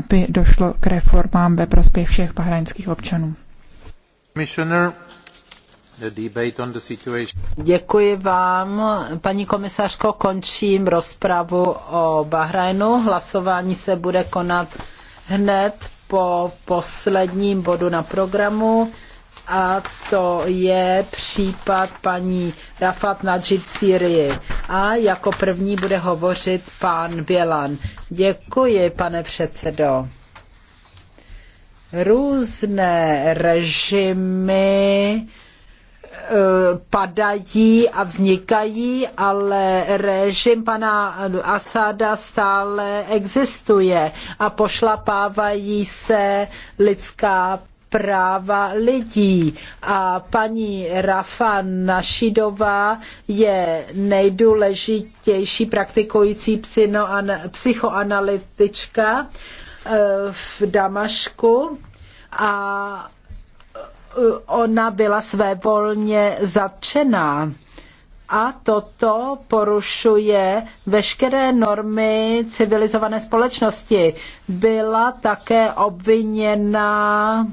aby došlo k reformám ve prospěch všech bahrajnských občanů. Děkuji vám. Paní komisařko, končím rozpravu o Bahrajnu. Hlasování se bude konat hned po posledním bodu na programu a to je případ paní Rafat Najib v Sýrii. A jako první bude hovořit pan Bělan. Děkuji, pane předsedo. Různé režimy eh, padají a vznikají, ale režim pana Asada stále existuje a pošlapávají se lidská práva lidí. A paní Rafa Našidová je nejdůležitější praktikující psychoanalytička eh, v Damašku a eh, ona byla svévolně zatčená a toto porušuje veškeré normy civilizované společnosti. Byla také obviněna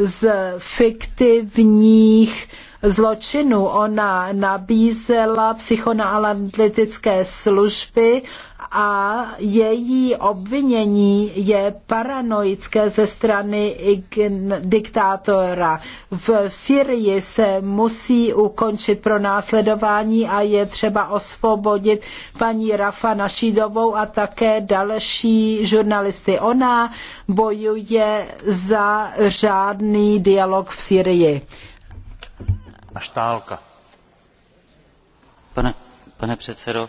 z fiktivních zločinů. Ona nabízela psychoanalytické služby a její obvinění je paranoické ze strany diktátora. V Syrii se musí ukončit pro následování a je třeba osvobodit paní Rafa Našídovou a také další žurnalisty. Ona bojuje za řádný dialog v Syrii. Štálka. Pane, pane předsedo,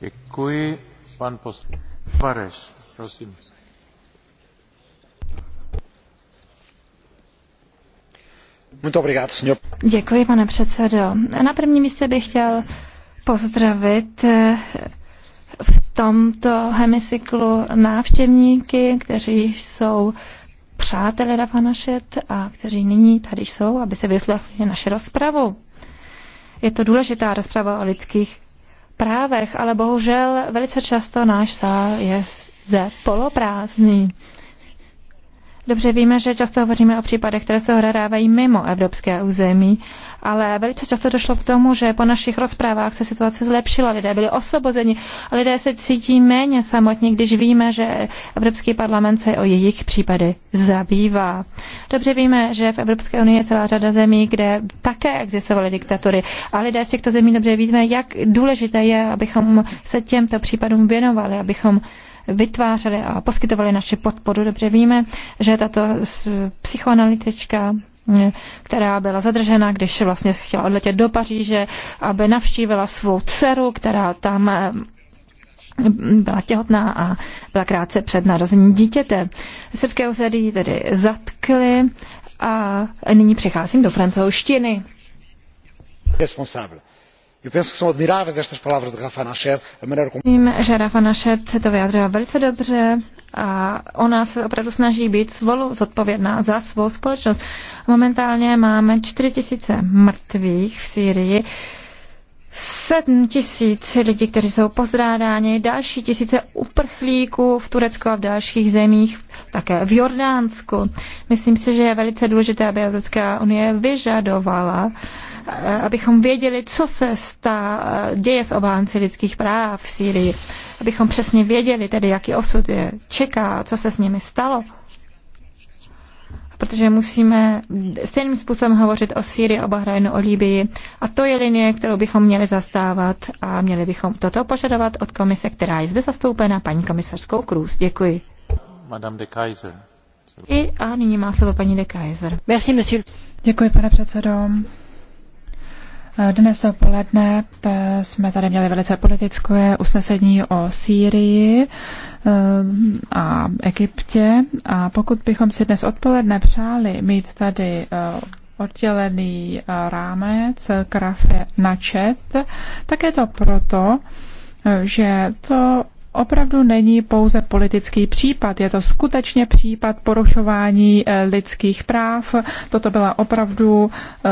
Děkuji. pane předsedo. Na prvním místě bych chtěl pozdravit eh, v tomto hemicyklu návštěvníky, kteří jsou přáteli Rafa a kteří nyní tady jsou, aby se vyslechli naši rozpravu. Je to důležitá rozprava o lidských právech, ale bohužel velice často náš sál je zde poloprázdný. Dobře víme, že často hovoříme o případech, které se odehrávají mimo evropské území, ale velice často došlo k tomu, že po našich rozprávách se situace zlepšila, lidé byli osvobozeni a lidé se cítí méně samotní, když víme, že Evropský parlament se o jejich případy zabývá. Dobře víme, že v Evropské unii je celá řada zemí, kde také existovaly diktatury a lidé z těchto zemí dobře víme, jak důležité je, abychom se těmto případům věnovali, abychom vytvářeli a poskytovali naši podporu. Dobře víme, že tato psychoanalytička která byla zadržena, když vlastně chtěla odletět do Paříže, aby navštívila svou dceru, která tam byla těhotná a byla krátce před narozením dítěte. Srbské úřady tedy zatkly a nyní přecházím do francouzštiny. Responsable a Vím, že Rafa Nached to vyjádřila velice dobře a ona se opravdu snaží být svolu zodpovědná za svou společnost. Momentálně máme 4 tisíce mrtvých v Sýrii, 7 tisíc lidí, kteří jsou pozrádáni, další tisíce uprchlíků v Turecku a v dalších zemích, také v Jordánsku. Myslím si, že je velice důležité, aby Evropská unie vyžadovala uh, Eh, abychom věděli, co se stá, eh, děje s obánci lidských práv v Sýrii, abychom přesně věděli tedy, jaký osud je čeká, co se s nimi stalo. Protože musíme stejným způsobem hovořit o Sýrii, o Bahrajnu, o Líbii. A to je linie, kterou bychom měli zastávat a měli bychom toto požadovat od komise, která je zde zastoupena, paní komisařskou Krůz. Děkuji. Madame de Kaiser. I a nyní má slovo paní de Kaiser. Merci, monsieur. Děkuji, pane předsedo. Dnes dopoledne eh, jsme tady měli velice politické usnesení o Sýrii eh, a Egyptě. A pokud bychom si dnes odpoledne přáli mít tady eh, oddělený rámec krafe na čet, tak je to proto, že to opravdu není pouze politický případ, je to skutečně případ porušování eh, lidských práv. Toto byla opravdu eh,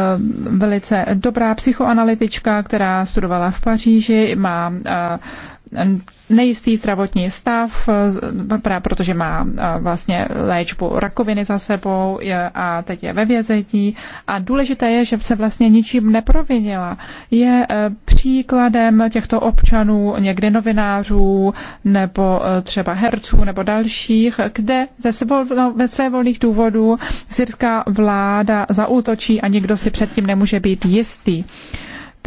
velice dobrá psychoanalytička, která studovala v Paříži, má eh, nejistý zdravotní stav, eh, protože má eh, vlastně léčbu rakoviny za sebou a teď je ve vězení. A důležité je, že se vlastně ničím neprovinila. Je eh, příkladem těchto občanů, někdy novinářů, nebo třeba herců, nebo dalších, kde ze sebou, no, ve své volných důvodů syrská vláda zaútočí a nikdo si předtím nemůže být jistý.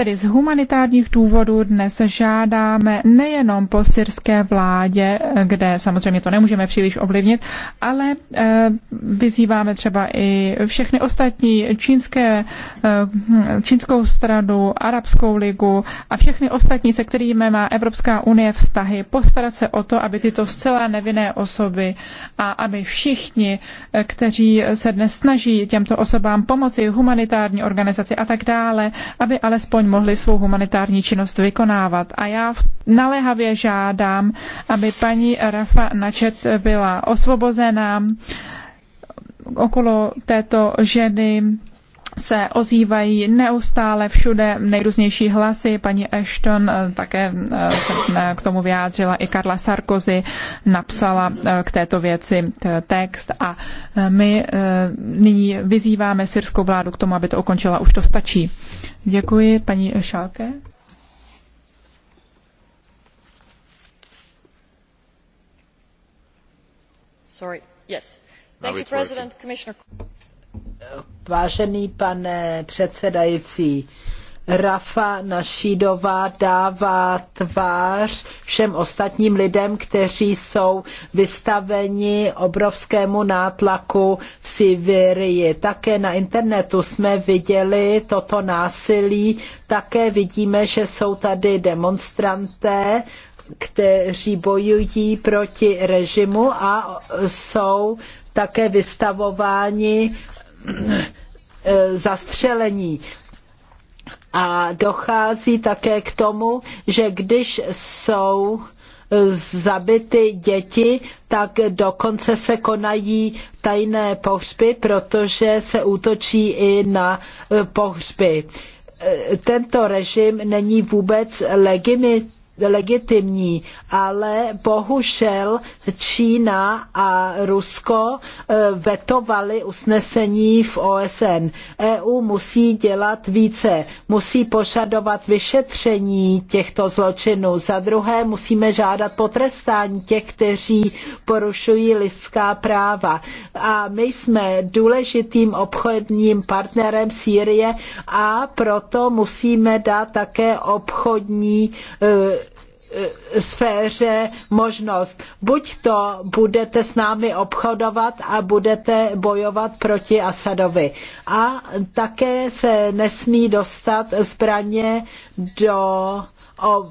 Tedy z humanitárních důvodů dnes žádáme nejenom po syrské vládě, kde samozřejmě to nemůžeme příliš ovlivnit, ale eh, vyzýváme třeba i všechny ostatní čínské, eh, čínskou stranu, arabskou ligu a všechny ostatní, se kterými má Evropská unie vztahy, postarat se o to, aby tyto zcela nevinné osoby a aby všichni, eh, kteří se dnes snaží těmto osobám pomoci, humanitární organizaci a tak dále, aby alespoň mohli svou humanitární činnost vykonávat. A já naléhavě žádám, aby paní Rafa Načet byla osvobozená. Okolo této ženy se ozývají neustále všude nejrůznější hlasy. Paní Ashton eh, také eh, se eh, k tomu vyjádřila i Karla Sarkozy, napsala k této věci text a my nyní vyzýváme syrskou vládu k tomu, aby to ukončila. Už to stačí. Děkuji, paní Šálke. Sorry. Yes. Thank you, President, Commissioner. Vážený pane předsedající, Rafa Našídová dává tvář všem ostatním lidem, kteří jsou vystaveni obrovskému nátlaku v Sibirii. Také na internetu jsme viděli toto násilí, také vidíme, že jsou tady demonstranté, kteří bojují proti režimu a jsou také vystavováni eh, zastřelení. A dochází také k tomu, že když jsou zabity děti, tak dokonce se konají tajné pohřby, protože se útočí i na eh, pohřby. Eh, tento režim není vůbec legitimní legitimní, ale bohužel Čína a Rusko eh, vetovali usnesení v OSN. EU musí dělat více, musí požadovat vyšetření těchto zločinů. Za druhé musíme žádat potrestání těch, kteří porušují lidská práva. A my jsme důležitým obchodním partnerem Sýrie a proto musíme dát také obchodní eh, Eh, sféře možnost. Buď to budete s námi obchodovat a budete bojovat proti Asadovi. A také se nesmí dostat zbraně do o,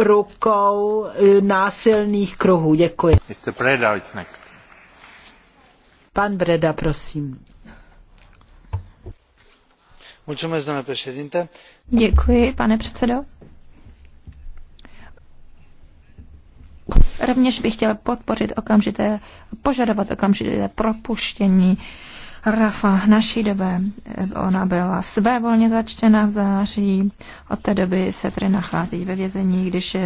rukou eh, násilných kruhů. Děkuji. Mr. Breda, it's next. Pan Breda, prosím. Děkuji, pane předsedo. Rovněž bych chtěl podpořit okamžité, požadovat okamžité propuštění Rafa Našidové. Ona byla svévolně začtena v září. Od té doby se tedy nachází ve vězení, když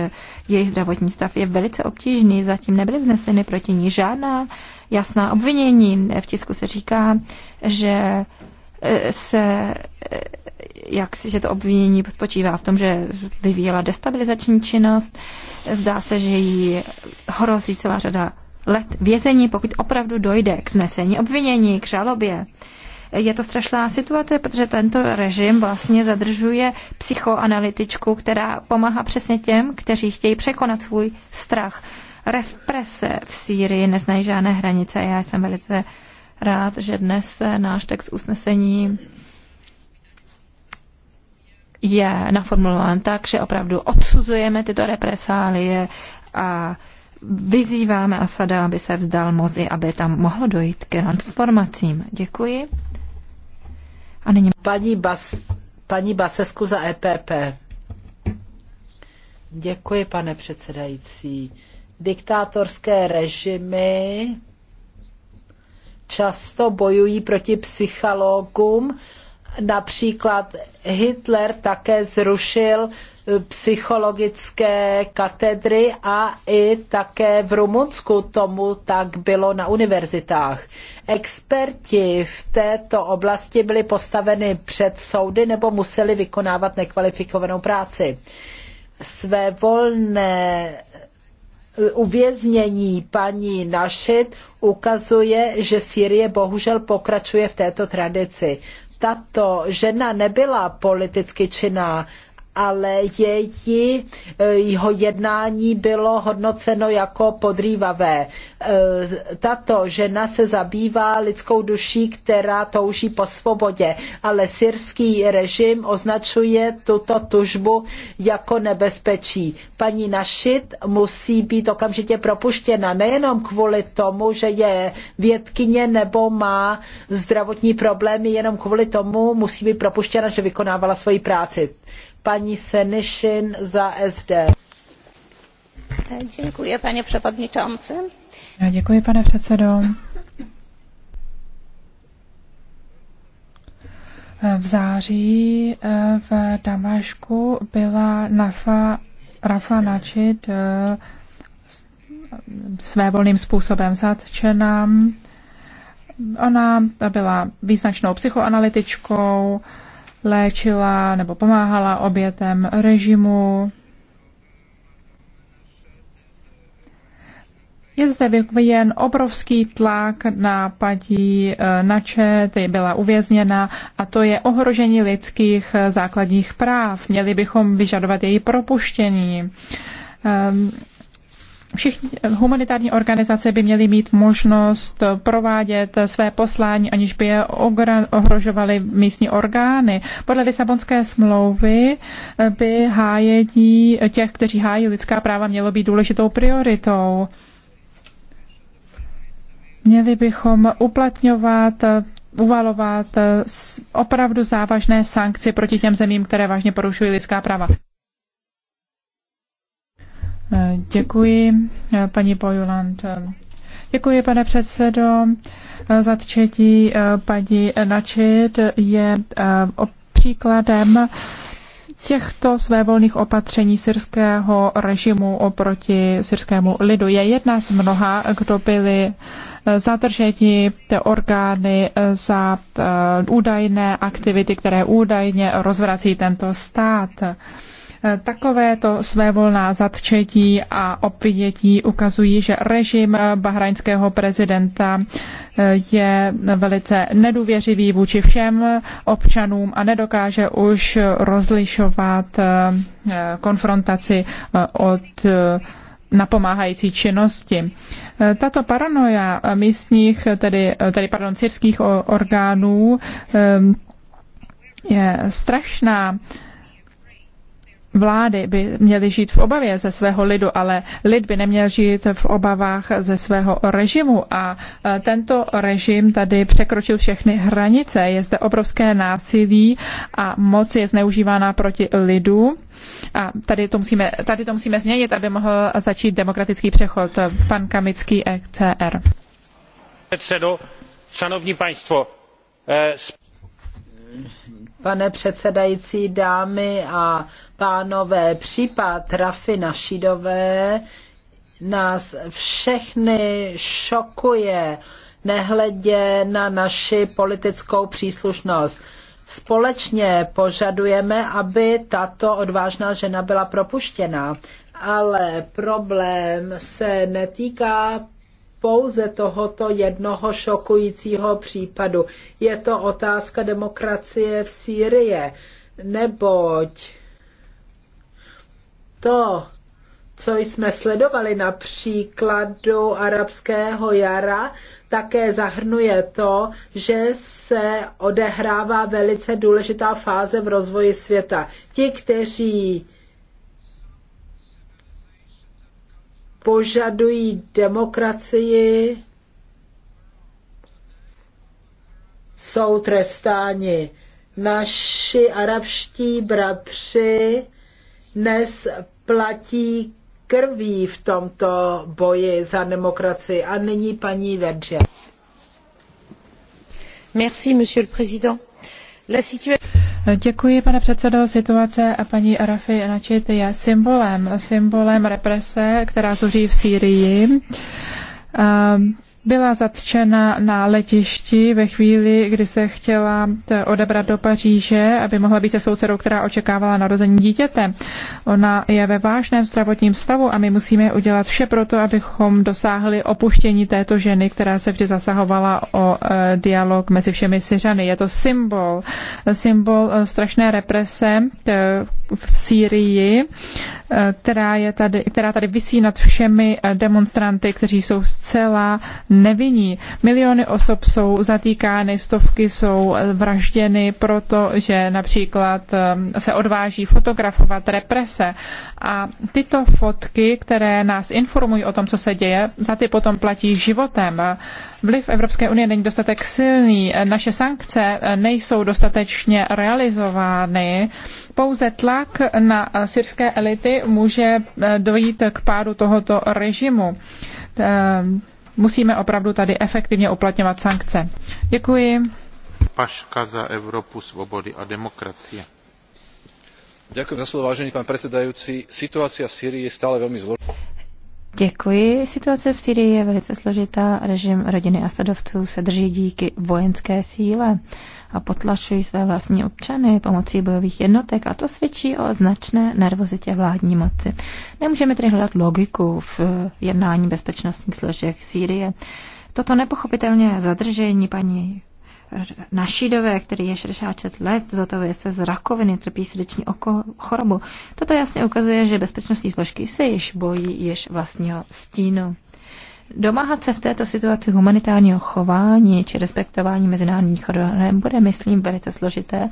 její zdravotní stav je velice obtížný. Zatím nebyly vzneseny proti ní žádná jasná obvinění. V tisku se říká, že se jak, že to obvinění spočívá v tom, že vyvíjela destabilizační činnost. Zdá se, že jí hrozí celá řada let vězení, pokud opravdu dojde k znesení obvinění, k žalobě. Je to strašná situace, protože tento režim vlastně zadržuje psychoanalytičku, která pomáhá přesně těm, kteří chtějí překonat svůj strach. Represe v Sýrii neznají žádné hranice. Já jsem velice uh, rád, že dnes náš text usnesení je naformulován tak, že opravdu odsuzujeme tyto represálie a vyzýváme Asada, aby se vzdal mozi, aby tam mohlo dojít k transformacím. Děkuji. A nyní... Paní, Bas, paní Basesku za EPP. Děkuji, pane předsedající. Diktátorské režimy často bojují proti psychologům. Například Hitler také zrušil eh, psychologické katedry a i také v Rumunsku tomu tak bylo na univerzitách. Experti v této oblasti byli postaveni před soudy nebo museli vykonávat nekvalifikovanou práci. Své volné uvěznění paní Našit ukazuje, že Sýrie bohužel pokračuje v této tradici. Tato žena nebyla politicky činná, ale eh, jeho jednání bylo hodnoceno jako podrývavé. Eh, tato žena se zabývá lidskou duší, která touží po svobodě, ale syrský režim označuje tuto tužbu jako nebezpečí. Paní Našit musí být okamžitě propuštěna, nejenom kvůli tomu, že je vědkyně nebo má zdravotní problémy, jenom kvůli tomu musí být propuštěna, že vykonávala svoji práci paní Senišin za SD. Děkuji, pane předsedající. Děkuji, pane předsedo. V září eh, v Damašku byla Nafa, Rafa Načid eh, svévolným způsobem zatčena. Ona byla význačnou psychoanalytičkou, léčila nebo pomáhala obětem režimu. Je zde vyvíjen obrovský tlak na paní eh, Načet, byla uvězněna a to je ohrožení lidských eh, základních práv. Měli bychom vyžadovat její propuštění. Ehm, Všichni eh, humanitární organizace by měly mít možnost eh, provádět eh, své poslání, aniž by je ohrožovaly místní orgány. Podle Lisabonské smlouvy by hájení těch, kteří hájí lidská práva, mělo být důležitou prioritou. Měli bychom uplatňovat uvalovat opravdu závažné sankce proti těm zemím, které vážně porušují lidská práva. Děkuji, paní Bojuland. Děkuji, pane předsedo. třetí, paní Načit je eh, příkladem těchto svévolných opatření syrského režimu oproti syrskému lidu. Je jedna z mnoha, kdo byli eh, zadrženi orgány eh, za údajné aktivity, které údajně rozvrací tento stát. Eh, takovéto svévolná zatčetí a obvinětí ukazují, že režim bahrajnského prezidenta eh, je velice nedůvěřivý vůči všem občanům a nedokáže už rozlišovat eh, konfrontaci od napomáhající činnosti. Tato paranoja místních, tedy, tedy pardon, syrských orgánů je strašná. Vlády by měly žít v obavě ze svého lidu, ale lid by neměl žít v obavách ze svého režimu. A e, tento režim tady překročil všechny hranice. Je zde obrovské násilí a moc je zneužívána proti lidu. A tady to musíme, tady to musíme změnit, aby mohl začít demokratický přechod. Pan Kamický, ECR. Předsedo, šanovní państwo, e, Pane předsedající, dámy a pánové, případ Rafy Našidové nás všechny šokuje, nehledě na naši politickou příslušnost. Společně požadujeme, aby tato odvážná žena byla propuštěna, ale problém se netýká pouze tohoto jednoho šokujícího případu. Je to otázka demokracie v Sýrie, neboť to, co jsme sledovali na příkladu arabského jara, také zahrnuje to, že se odehrává velice důležitá fáze v rozvoji světa. Ti, kteří požadují demokracii, jsou trestáni. Naši arabští bratři dnes platí krví v tomto boji za demokracii. A nyní paní Verge. Merci, monsieur le président. La situation Děkuji, pane předsedo. Situace a paní Rafi Načit je symbolem, symbolem represe, která zuří v Sýrii. Um, byla zatčena na letišti ve chvíli, kdy se chtěla eh, odebrat do Paříže, aby mohla být se svou dcerou, která očekávala narození dítěte. Ona je ve vážném zdravotním stavu a my musíme udělat vše pro to, abychom dosáhli opuštění této ženy, která se vždy zasahovala o eh, dialog mezi všemi Syřany. Je to symbol, symbol eh, strašné represe, v Sýrii, eh, která, je tady, která tady vysí nad všemi eh, demonstranty, kteří jsou zcela nevinní. Miliony osob jsou zatýkány, stovky jsou eh, vražděny protože že například se odváží fotografovat represe. A tyto fotky, které nás informují o tom, co se děje, za ty potom platí životem. Vliv Evropské unie není dostatek silný, naše sankce nejsou dostatečně realizovány pouze tlak na eh, syrské elity může eh, dojít k pádu tohoto režimu. Eh, musíme opravdu tady efektivně uplatňovat sankce. Děkuji. Paška za Evropu svobody a demokracie. Děkuji. za slovo, vážený pan předsedající. Situace v Syrii je stále velmi zložitá. Děkuji. Situace v Syrii je velice složitá. Režim rodiny Asadovců se drží díky vojenské síle a potlačují své vlastní občany pomocí bojových jednotek a to svědčí o značné nervozitě vládní moci. Nemůžeme tedy hledat logiku v eh, jednání bezpečnostních složek Sýrie. Toto nepochopitelně zadržení paní Našidové, který je 66 let, zotavuje se z rakoviny, trpí srdeční oko, chorobu. Toto jasně ukazuje, že bezpečnostní složky se již bojí již vlastního stínu. Domáhat se v této situaci humanitárního chování či respektování mezinárodních norm bude, myslím, velice složité,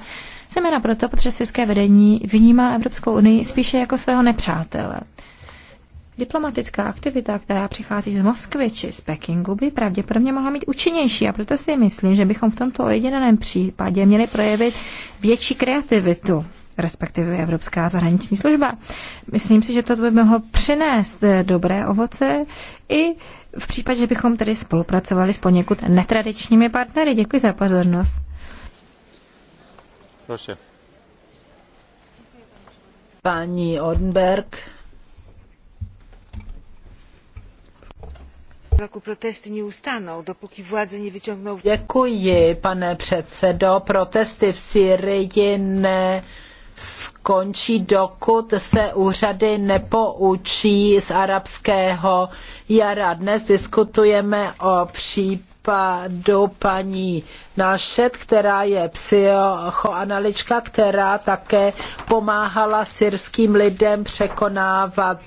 zejména proto, protože syrské vedení vnímá Evropskou unii spíše jako svého nepřátele. Diplomatická aktivita, která přichází z Moskvy či z Pekingu, by pravděpodobně mohla mít účinnější a proto si myslím, že bychom v tomto ojedinělém případě měli projevit větší kreativitu respektive Evropská zahraniční služba. Myslím si, že to by mohlo přinést dobré ovoce i v případě, že bychom tedy spolupracovali s poněkud netradičními partnery. Děkuji za pozornost. Prosím. Paní Odenberg. roku protesty neustanou, dokud vládze nie Děkuji, pane předsedo. Protesty v Syrii ne skončí, dokud se úřady nepoučí z arabského jara. Dnes diskutujeme o případu paní Našet, která je psychoanalyčka, která také pomáhala syrským lidem překonávat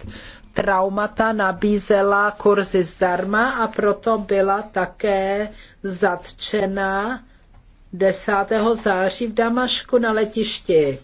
traumata nabízela kurzy zdarma a proto byla také zatčena 10. září v Damašku na letišti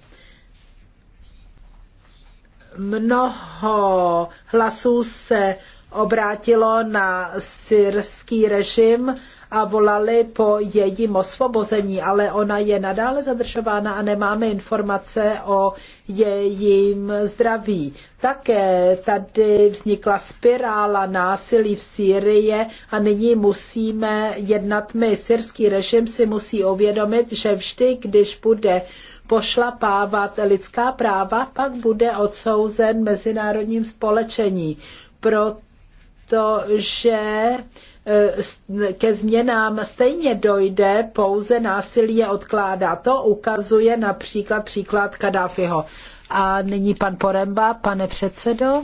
mnoho hlasů se obrátilo na syrský režim a volali po jejím osvobození, ale ona je nadále zadržována a nemáme informace o jejím zdraví. Také tady vznikla spirála násilí v Sýrii a nyní musíme jednat my. Syrský režim si musí uvědomit, že vždy, když bude pošlapávat lidská práva, pak bude odsouzen mezinárodním společení, protože e, ke změnám stejně dojde, pouze násilí je odkládá. To ukazuje například příklad Kadáfiho. A nyní pan Poremba, pane předsedo.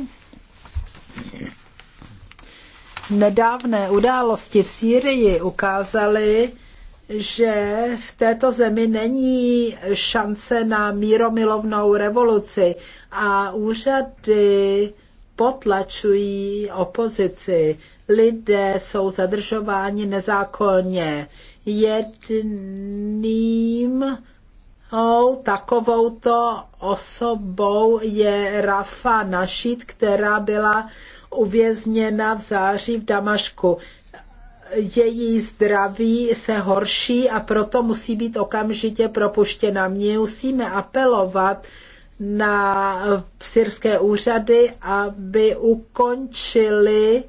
Nedávné události v Sýrii ukázaly, že v této zemi není šance na míromilovnou revoluci a úřady potlačují opozici. Lidé jsou zadržováni nezákonně. Jedným takovouto osobou je Rafa Našit, která byla uvězněna v září v Damašku její zdraví se horší a proto musí být okamžitě propuštěna. My musíme apelovat na syrské úřady, aby ukončili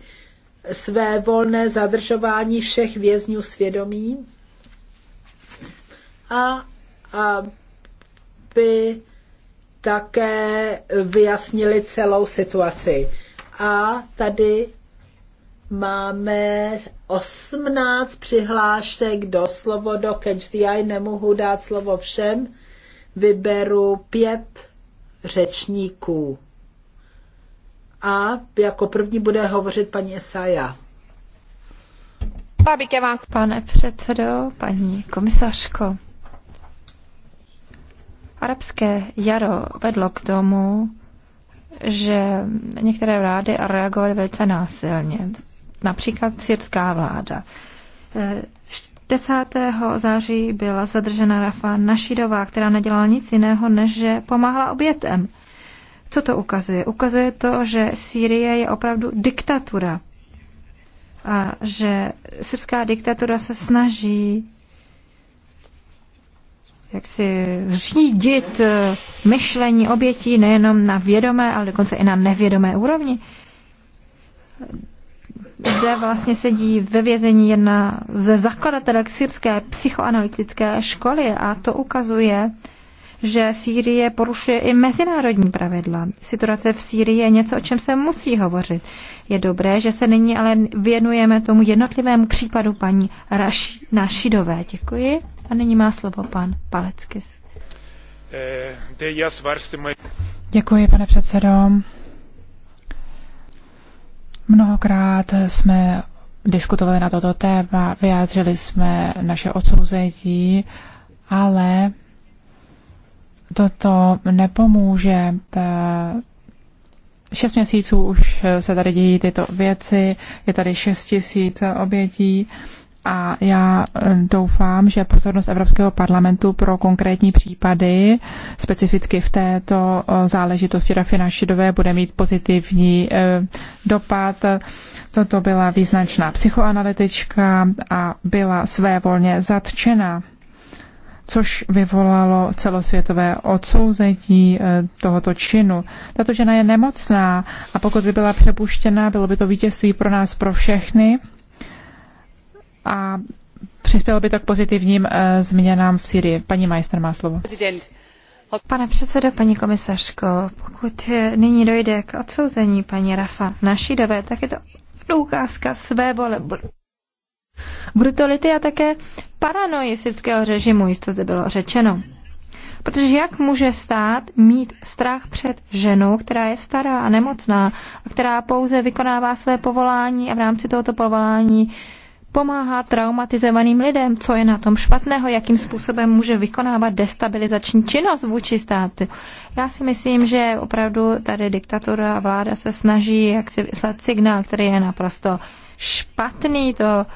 své volné zadržování všech vězňů svědomí a aby také vyjasnili celou situaci. A tady Máme 18 přihlášek do slovo do Catch the Eye. Nemohu dát slovo všem. Vyberu pět řečníků. A jako první bude hovořit paní Esaja. Pane předsedo, paní komisařko, arabské jaro vedlo k tomu, že některé vlády reagovaly velice násilně například syrská vláda. 10. září byla zadržena Rafa Našidová, která nedělala nic jiného, než že pomáhala obětem. Co to ukazuje? Ukazuje to, že Sýrie je opravdu diktatura a že syrská diktatura se snaží jak si řídit eh, myšlení obětí nejenom na vědomé, ale dokonce i na nevědomé úrovni zde vlastně sedí ve vězení jedna ze zakladatelek sírské psychoanalytické školy a to ukazuje, že Sýrie porušuje i mezinárodní pravidla. Situace v Sýrii je něco, o čem se musí hovořit. Je dobré, že se nyní ale věnujeme tomu jednotlivému případu paní Raši Našidové. Děkuji. A nyní má slovo pan Paleckis. Eh, Děkuji, pane předsedo. Mnohokrát jsme diskutovali na toto téma, vyjádřili jsme naše odsouzení, ale toto nepomůže. Eh, šest měsíců už se tady dějí tyto věci, je tady šest tisíc obětí a já eh, doufám, že pozornost Evropského parlamentu pro konkrétní případy, specificky v této eh, záležitosti Rafina Šidové, bude mít pozitivní eh, dopad. Toto byla význačná psychoanalytička a byla svévolně zatčena což vyvolalo celosvětové odsouzení tohoto činu. Tato žena je nemocná a pokud by byla přepuštěna, bylo by to vítězství pro nás, pro všechny a přispělo by to k pozitivním eh, změnám v Syrii. Paní Majster má slovo. Pane předsedo, paní komisařko, pokud eh, nyní dojde k odsouzení paní Rafa Našidové, tak je to ukázka své vole brutality a také syrského režimu, jisto zde bylo řečeno. Protože jak může stát mít strach před ženou, která je stará a nemocná, a která pouze vykonává své povolání a v rámci tohoto povolání uh, pomáhá traumatizovaným lidem, co je na tom špatného, jakým způsobem může vykonávat destabilizační činnost vůči státu. Já si myslím, že opravdu tady diktatura a vláda se snaží jak si vyslat signál, který je naprosto špatný. To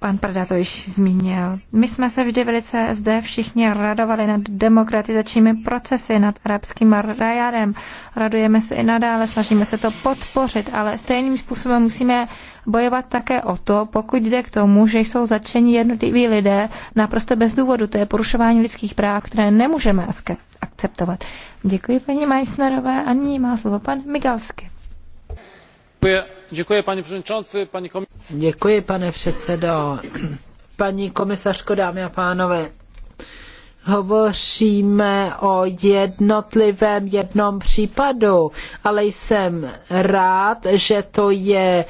pan Prda to již zmínil. My jsme se vždy velice zde všichni radovali nad demokratizačními procesy, nad arabským rajarem. Radujeme se i nadále, snažíme se to podpořit, ale stejným způsobem musíme bojovat také o to, pokud jde k tomu, že jsou začeni jednotliví lidé naprosto bez důvodu. To je porušování lidských práv, které nemůžeme akceptovat. Děkuji paní Meissnerové a nyní má slovo pan Migalsky. Děkuji, pane předsedající, paní komis... Děkuji, pane předsedo. Paní komisařko, dámy a pánové, hovoříme o jednotlivém jednom případu, ale jsem rád, že to je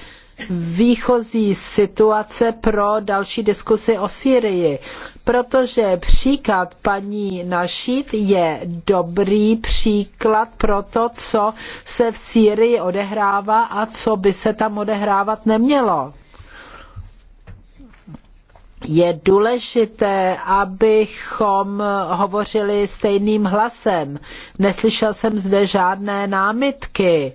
výchozí situace pro další diskusi o Sýrii, protože příklad paní Našít je dobrý příklad pro to, co se v Sýrii odehrává a co by se tam odehrávat nemělo je důležité, abychom hovořili stejným hlasem. Neslyšel jsem zde žádné námitky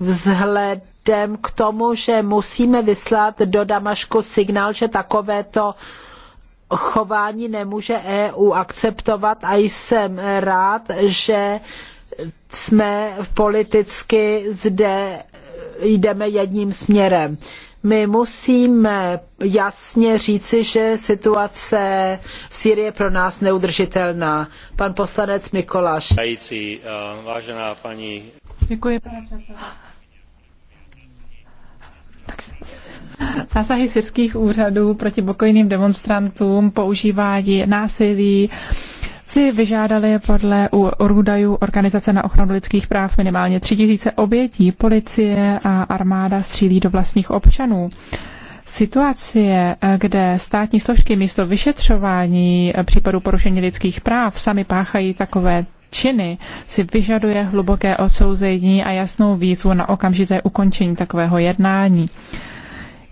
vzhledem vzhledem k tomu, že musíme vyslat do Damašku signál, že takovéto chování nemůže EU akceptovat a jsem rád, že jsme politicky zde jdeme jedním směrem. My musíme jasně říci, že situace v Sýrii je pro nás neudržitelná. Pan poslanec Mikoláš. Děkuji, pane předsedající. Zásahy syrských úřadů proti pokojným demonstrantům, používání násilí, si vyžádali podle údajů Organizace na ochranu lidských práv minimálně 3000 obětí. Policie a armáda střílí do vlastních občanů. Situace, kde státní složky místo vyšetřování případů porušení lidských práv sami páchají takové činy si vyžaduje hluboké odsouzení a jasnou výzvu na okamžité ukončení takového jednání.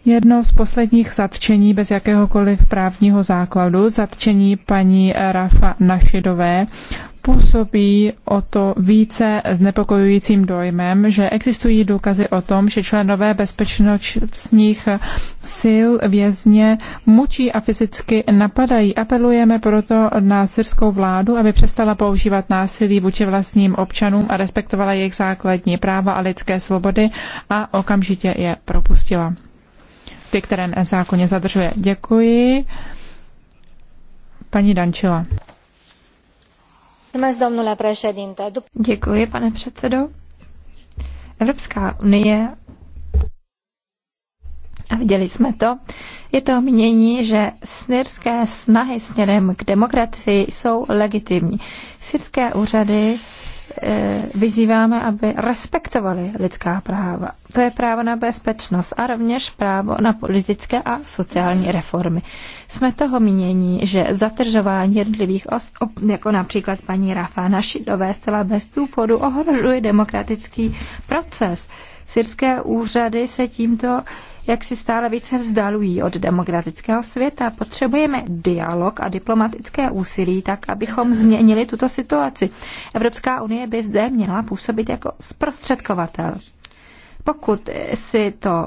Jedno z posledních zatčení bez jakéhokoliv právního základu, zatčení paní Rafa Našidové, působí o to více znepokojujícím dojmem, že existují důkazy o tom, že členové bezpečnostních sil vězně mučí a fyzicky napadají. Apelujeme proto na syrskou vládu, aby přestala používat násilí vůči vlastním občanům a respektovala jejich základní práva a lidské svobody a okamžitě je propustila ty, které nezákonně zadržuje. Děkuji. Paní Dančila. Děkuji, pane předsedo. Evropská unie, a viděli jsme to, je to mění, že syrské snahy směrem k demokracii jsou legitimní. Syrské úřady Eh, vyzýváme, aby respektovali lidská práva. To je právo na bezpečnost a rovněž právo na politické a sociální reformy. Jsme toho mínění, že zatržování jednotlivých osob, jako například paní Rafa Našidové, zcela bez důvodu ohrožuje demokratický proces. Syrské úřady se tímto jak si stále více vzdalují od demokratického světa. Potřebujeme dialog a diplomatické úsilí tak, abychom změnili tuto situaci. Evropská unie by zde měla působit jako zprostředkovatel. Pokud si to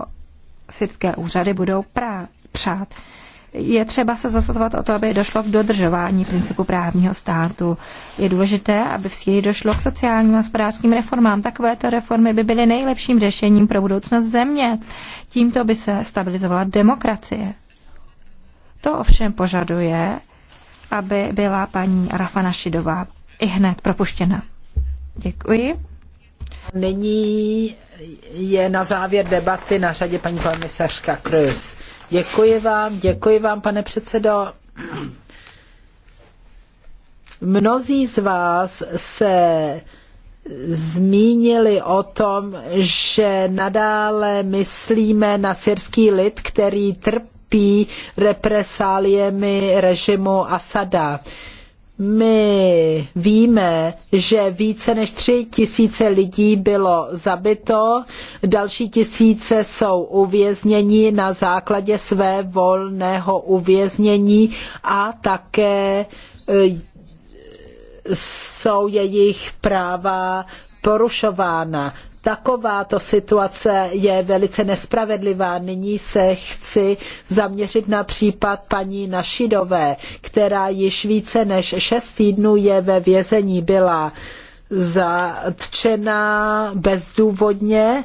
syrské úřady budou prát, je třeba se zasazovat o to, aby došlo k dodržování principu právního státu. Je důležité, aby v Syrii došlo k sociálním a hospodářským reformám. Takovéto reformy by byly nejlepším řešením pro budoucnost země. Tímto by se stabilizovala demokracie. To ovšem požaduje, aby byla paní Rafa Našidová i hned propuštěna. Děkuji. Nyní je na závěr debaty na řadě paní komisařka Kröz. Děkuji vám, děkuji vám, pane předsedo. Mnozí z vás se zmínili o tom, že nadále myslíme na syrský lid, který trpí represáliemi režimu Asada. Uh, my víme, že více než tři tisíce lidí bylo zabito, další tisíce jsou uvězněni na základě své volného uvěznění a také e, jsou jejich práva porušována takováto situace je velice nespravedlivá. Nyní se chci zaměřit na případ paní Našidové, která již více než šest týdnů je ve vězení. Byla zatčena bezdůvodně,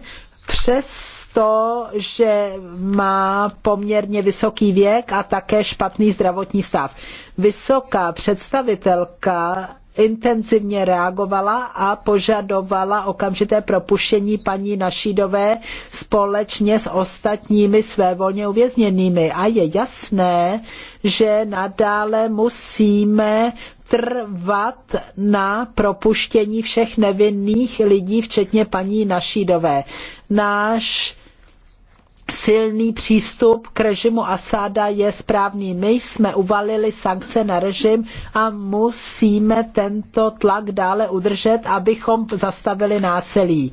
to, že má poměrně vysoký věk a také špatný zdravotní stav. Vysoká představitelka intenzivně reagovala a požadovala okamžité propuštění paní Našídové společně s ostatními svévolně uvězněnými. A je jasné, že nadále musíme trvat na propuštění všech nevinných lidí, včetně paní Našídové. Náš silný přístup k režimu Asáda je správný. My jsme uvalili sankce na režim a musíme tento tlak dále udržet, abychom zastavili násilí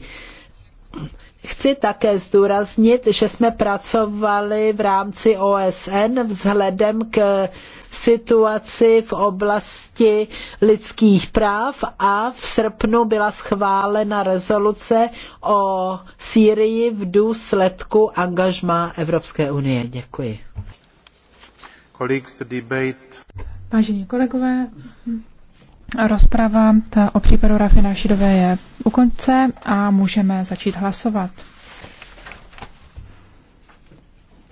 Chci také zdůraznit, že jsme pracovali v rámci OSN vzhledem k situaci v oblasti lidských práv a v srpnu byla schválena rezoluce o Sýrii v důsledku angažmá Evropské unie. Děkuji. Vážení kolegové, Rozprava o případu Rafina Šidové je u konce a můžeme začít hlasovat.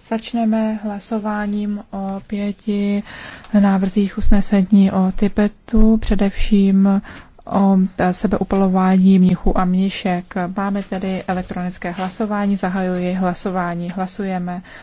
Začneme hlasováním o pěti návrzích usnesení o Tibetu, především o sebeupalování mnichů a mnišek. Máme tedy elektronické hlasování, zahajuji hlasování, hlasujeme.